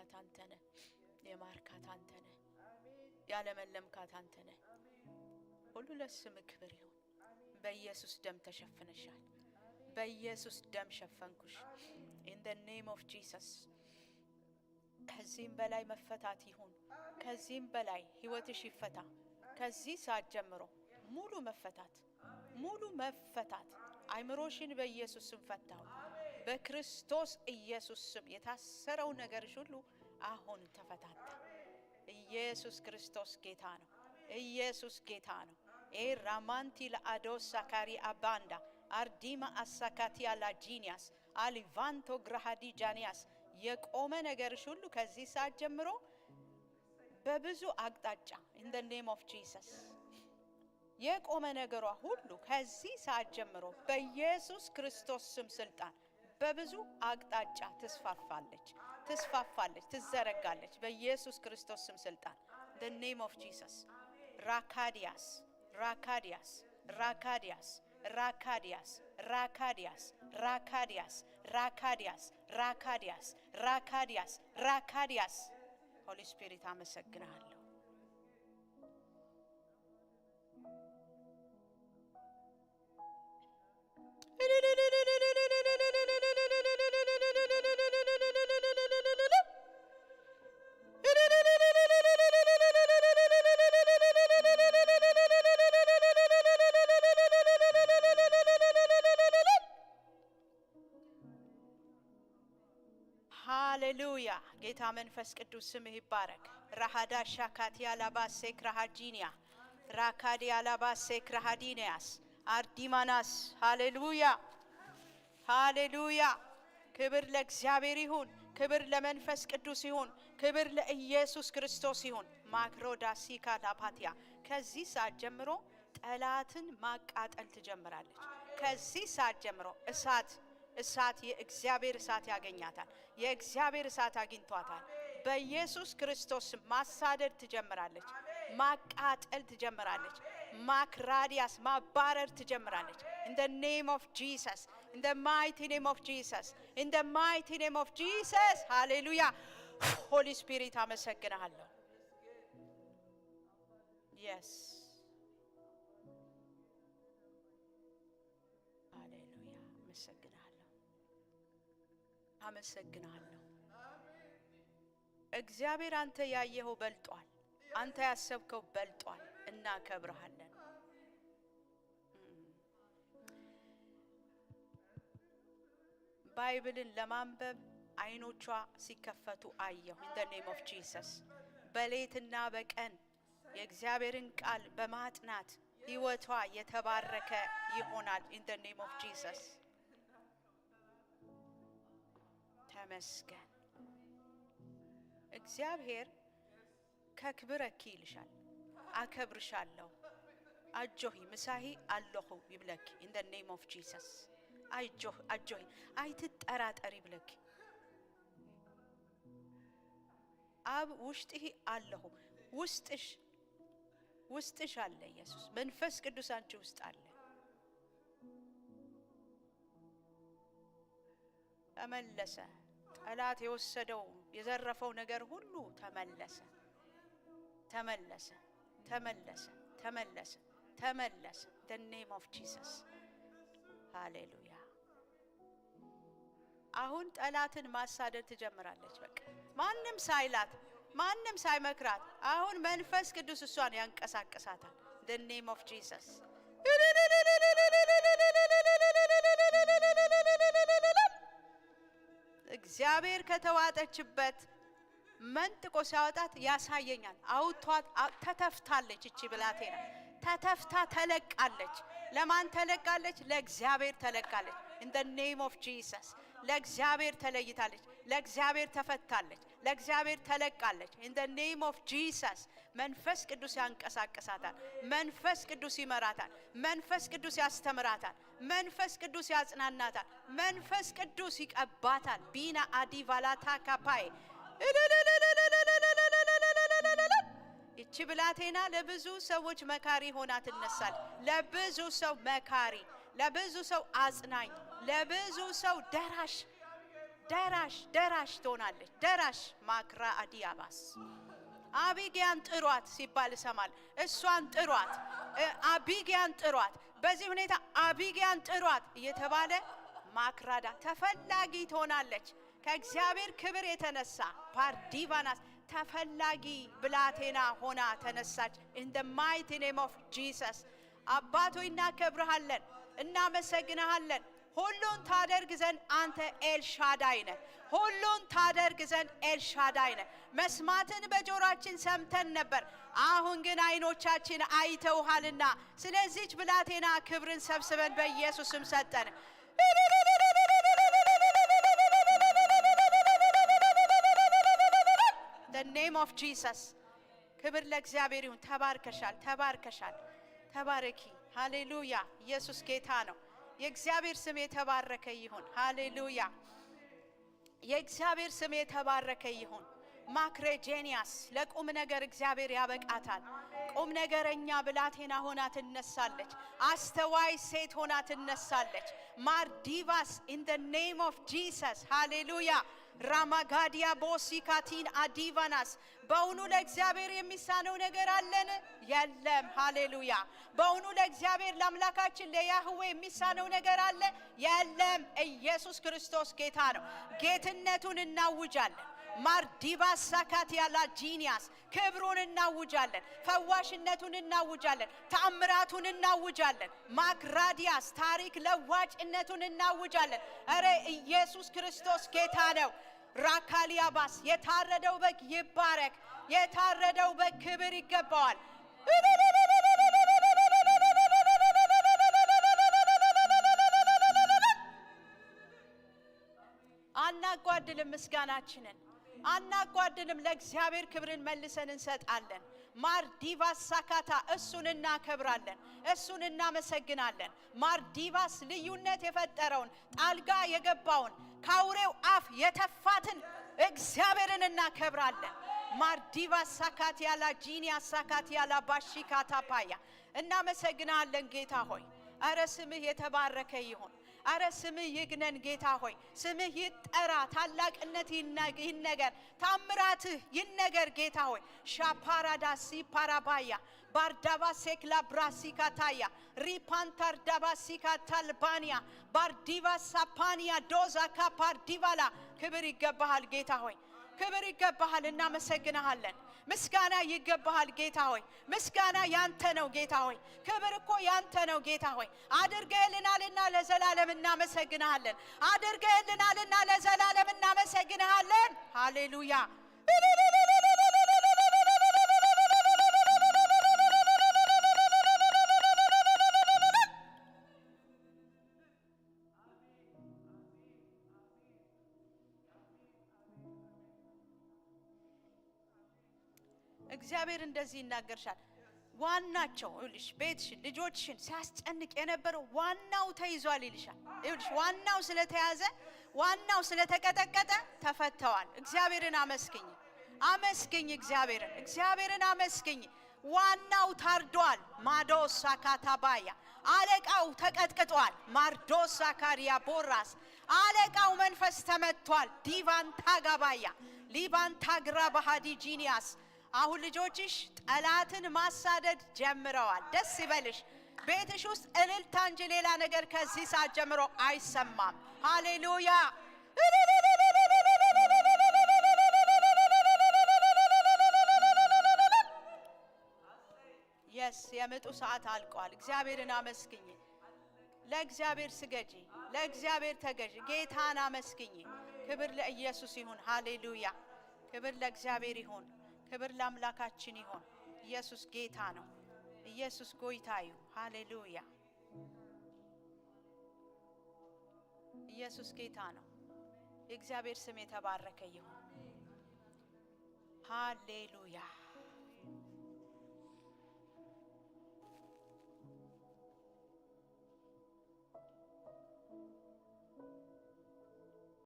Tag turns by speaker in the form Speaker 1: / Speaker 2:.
Speaker 1: ያዳንካት አንተ ነህ። የማርካት አንተ ነህ። ያለመለምካት አንተ ነህ። ሁሉ ለስም ክብር ይሁን። በኢየሱስ ደም ተሸፍነሻል። በኢየሱስ ደም ሸፈንኩሽ። ኢን ደ ኔም ኦፍ ጂሰስ። ከዚህም በላይ መፈታት ይሁን። ከዚህም በላይ ህይወትሽ ይፈታ። ከዚህ ሰዓት ጀምሮ ሙሉ መፈታት፣ ሙሉ መፈታት። አይምሮሽን በኢየሱስም ፈታው በክርስቶስ ኢየሱስ ስም የታሰረው ነገር ሁሉ አሁን ተፈታተ ኢየሱስ ክርስቶስ ጌታ ነው። ኢየሱስ ጌታ ነው። ኤ ራማንቲ ለአዶ ሳካሪ አባንዳ አርዲማ አሳካቲያ ላጂኒያስ አሊቫንቶ ግራሃዲ ጃኒያስ የቆመ ነገር ሁሉ ከዚህ ሰዓት ጀምሮ በብዙ አቅጣጫ ኢን ኔም ኦፍ ጂሰስ የቆመ ነገሯ ሁሉ ከዚህ ሰዓት ጀምሮ በኢየሱስ ክርስቶስ ስም ስልጣን በብዙ አቅጣጫ ትስፋፋለች፣ ትስፋፋለች፣ ትዘረጋለች። በኢየሱስ ክርስቶስ ስም ስልጣን ደ ኔም ኦፍ ጂሰስ ራካዲያስ ራካዲያስ ራካዲያስ ራካዲያስ ራካዲያስ ራካዲያስ ራካዲያስ ራካዲያስ ራካዲያስ ራካዲያስ ሆሊ ስፒሪት አመሰግናል። ሃሌሉያ ጌታ መንፈስ ቅዱስ ስምህ ይባረክ። ራሃዳ ሻካቲያ ላባሴ ክራሃጂኒያ ራካዲያ ላባሴ ክራሃዲኒያስ አርዲማናስ ሃሌሉያ ሃሌሉያ። ክብር ለእግዚአብሔር ይሁን። ክብር ለመንፈስ ቅዱስ ይሁን። ክብር ለኢየሱስ ክርስቶስ ይሁን። ማክሮዳሲካ ላፓቲያ ከዚህ ሰዓት ጀምሮ ጠላትን ማቃጠል ትጀምራለች። ከዚህ ሰዓት ጀምሮ እሳት እሳት የእግዚአብሔር እሳት ያገኛታል። የእግዚአብሔር እሳት አግኝቷታል። በኢየሱስ ክርስቶስ ማሳደድ ትጀምራለች፣ ማቃጠል ትጀምራለች፣ ማክራዲያስ ማባረር ትጀምራለች። ኢን ደ ኔም ኦፍ ጂሰስ፣ ኢን ደ ማይቲ ኔም ኦፍ ጂሰስ፣ ኢን ማይቲ ኔም ኦፍ ጂሰስ። ሃሌሉያ። ሆሊ ስፒሪት አመሰግናለሁ። የስ አመሰግናለሁ። እግዚአብሔር አንተ ያየኸው በልጧል፣ አንተ ያሰብከው በልጧል። እናከብረሃለን። ባይብልን ለማንበብ አይኖቿ ሲከፈቱ አየሁ። ኢን ዘ ኔም ኦፍ ጂሰስ በሌትና በቀን የእግዚአብሔርን ቃል በማጥናት ህይወቷ የተባረከ ይሆናል። ኢን ዘ ኔም ኦፍ ጂሰስ ተመስገን። እግዚአብሔር ከክብረኪ ይልሻል፣ አከብርሻለሁ። አጆሂ ምሳሂ አለሁ ይብለኪ ኢን ደ ኔም ኦፍ ጂሰስ አጆሂ አይትጠራጠሪ ይብለኪ አብ ውሽጢሂ አለሁ ውስጥሽ ውስጥሽ አለ ኢየሱስ መንፈስ ቅዱስ አንቺ ውስጥ አለ። ተመለሰ። ጠላት የወሰደው የዘረፈው ነገር ሁሉ ተመለሰ፣ ተመለሰ፣ ተመለሰ፣ ተመለሰ፣ ተመለሰ። ደ ኔም ኦፍ ጂሰስ ሃሌሉያ። አሁን ጠላትን ማሳደድ ትጀምራለች። በቃ ማንም ሳይላት ማንም ሳይመክራት፣ አሁን መንፈስ ቅዱስ እሷን ያንቀሳቅሳታል። ደ ኔም ኦፍ ጂሰስ እግዚአብሔር ከተዋጠችበት መንጥቆ ሲያወጣት ያሳየኛል። አውጥቷት ተተፍታለች። እቺ ብላቴና ተተፍታ ተለቃለች። ለማን ተለቃለች? ለእግዚአብሔር ተለቃለች። ኢን ኔም ኦፍ ጂሰስ ለእግዚአብሔር ተለይታለች። ለእግዚአብሔር ተፈታለች። ለእግዚአብሔር ተለቃለች። ኢን ደ ኔም ኦፍ ጂሰስ መንፈስ ቅዱስ ያንቀሳቀሳታል። መንፈስ ቅዱስ ይመራታል። መንፈስ ቅዱስ ያስተምራታል። መንፈስ ቅዱስ ያጽናናታል። መንፈስ ቅዱስ ይቀባታል። ቢና አዲ ቫላታ ካፓይ እቺ ብላቴና ለብዙ ሰዎች መካሪ ሆና ትነሳል። ለብዙ ሰው መካሪ፣ ለብዙ ሰው አጽናኝ፣ ለብዙ ሰው ደራሽ ደራሽ ደራሽ ትሆናለች። ደራሽ ማክራ አዲያባስ አቢጊያን ጥሯት ሲባል እሰማል። እሷን ጥሯት፣ አቢጊያን ጥሯት፣ በዚህ ሁኔታ አቢጊያን ጥሯት እየተባለ ማክራዳ ተፈላጊ ትሆናለች። ከእግዚአብሔር ክብር የተነሳ ፓርዲቫናስ ተፈላጊ ብላቴና ሆና ተነሳች። ኢን ደ ማይቲ ኔም ኦፍ ጂሰስ አባቶ እናከብርሃለን፣ እናመሰግንሃለን። ሁሉን ታደርግ ዘንድ አንተ ኤልሻዳይ ነህ። ሁሉን ታደርግ ዘንድ ኤልሻዳይ ነህ። መስማትን በጆሮአችን ሰምተን ነበር፣ አሁን ግን አይኖቻችን አይተውሃልና ስለዚች ብላቴና ክብርን ሰብስበን በኢየሱስም ሰጠን። ኔም ኦፍ ጂሰስ ክብር ለእግዚአብሔር ይሁን። ተባርከሻል፣ ተባርከሻል። ተባረኪ። ሃሌሉያ! ኢየሱስ ጌታ ነው። የእግዚአብሔር ስም የተባረከ ይሁን። ሃሌሉያ! የእግዚአብሔር ስም የተባረከ ይሁን። ማክሬጄኒያስ ለቁም ነገር እግዚአብሔር ያበቃታል። ቁም ነገረኛ ብላቴና ሆና ትነሳለች። አስተዋይ ሴት ሆና ትነሳለች። ማርዲቫስ ኢን ኔም ኦፍ ጂሰስ ሃሌሉያ! ራማጋዲያ ቦሲካቲን አዲቫናስ በእውኑ ለእግዚአብሔር የሚሳነው ነገር አለን? የለም። ሃሌሉያ። በእውኑ ለእግዚአብሔር ለአምላካችን ለያህዌ የሚሳነው ነገር አለ? የለም። ኢየሱስ ክርስቶስ ጌታ ነው። ጌትነቱን እናውጃለን። ማርዲባስ ሳካት ያላ ጂኒያስ ክብሩን እናውጃለን፣ ፈዋሽነቱን እናውጃለን፣ ታምራቱን እናውጃለን። ማክራዲያስ ታሪክ ለዋጭነቱን እናውጃለን። እረ ኢየሱስ ክርስቶስ ጌታ ነው። ራካሊያባስ የታረደው በግ ይባረክ። የታረደው በግ ክብር ይገባዋል። አናጓድልም ምስጋናችንን አናጓድልም። ለእግዚአብሔር ክብርን መልሰን እንሰጣለን። ማርዲቫስ ሳካታ እሱን እናከብራለን፣ እሱን እናመሰግናለን። ማርዲቫስ ልዩነት የፈጠረውን ጣልጋ የገባውን ከአውሬው አፍ የተፋትን እግዚአብሔርን እናከብራለን። ማርዲቫስ ሳካት ያላ ጂኒያ ሳካት ያላ ባሺካታ ፓያ እናመሰግናለን። ጌታ ሆይ እረ ስምህ የተባረከ ይሁን። አረ ስምህ ይግነን ጌታ ሆይ፣ ስምህ ይጠራ፣ ታላቅነት ይነገር፣ ታምራትህ ይነገር ጌታ ሆይ። ሻፓራዳሲ ፓራባያ ባርዳባ ሴክላ ሪፓንታር ብራሲካታያ ሪፓንታርዳባ ሲካታልባንያ ባርዲቫ ሳፓንያ ዶዛ ካፓርዲቫላ ክብር ይገባሃል ጌታ ሆይ ክብር ይገባሃል። እናመሰግንሃለን። ምስጋና ይገባሃል ጌታ ሆይ። ምስጋና ያንተ ነው ጌታ ሆይ። ክብር እኮ ያንተ ነው ጌታ ሆይ። አድርገ ለዘላለም እናመሰግንሃለን። አድርገህልናልና ለዘላለም እናመሰግንሃለን። ሃሌሉያ። እግዚአብሔር እንደዚህ ይናገርሻል። ዋናቸው ይኸውልሽ፣ ቤትሽን ልጆችሽን ሲያስጨንቅ የነበረው ዋናው ተይዟል ይልሻል። ይኸውልሽ ዋናው ስለተያዘ ዋናው ስለተቀጠቀጠ ተፈተዋል። እግዚአብሔርን አመስግኝ፣ አመስግኝ፣ እግዚአብሔርን እግዚአብሔርን አመስግኝ። ዋናው ታርዷል። ማዶሳ ባያ አለቃው ተቀጥቅጧል። ማርዶስ ካሪያ ቦራስ አለቃው መንፈስ ተመቷል። ዲቫንታ ጋባያ ሊባንታ ግራ ባህዲ ጂኒያስ አሁን ልጆችሽ ጠላትን ማሳደድ ጀምረዋል። ደስ ይበልሽ። ቤትሽ ውስጥ እልልታ እንጂ ሌላ ነገር ከዚህ ሰዓት ጀምሮ አይሰማም። ሃሌሉያ። የስ የምጡ ሰዓት አልቋል። እግዚአብሔርን አመስግኝ። ለእግዚአብሔር ስገጂ፣ ለእግዚአብሔር ተገዢ፣ ጌታን አመስግኝ። ክብር ለኢየሱስ ይሁን። ሃሌሉያ። ክብር ለእግዚአብሔር ይሁን። ክብር ለአምላካችን ይሆን። ኢየሱስ ጌታ ነው። ኢየሱስ ጎይታ ይሁን። ሃሌሉያ። ኢየሱስ ጌታ ነው። የእግዚአብሔር ስም የተባረከ ይሁን። ሃሌሉያ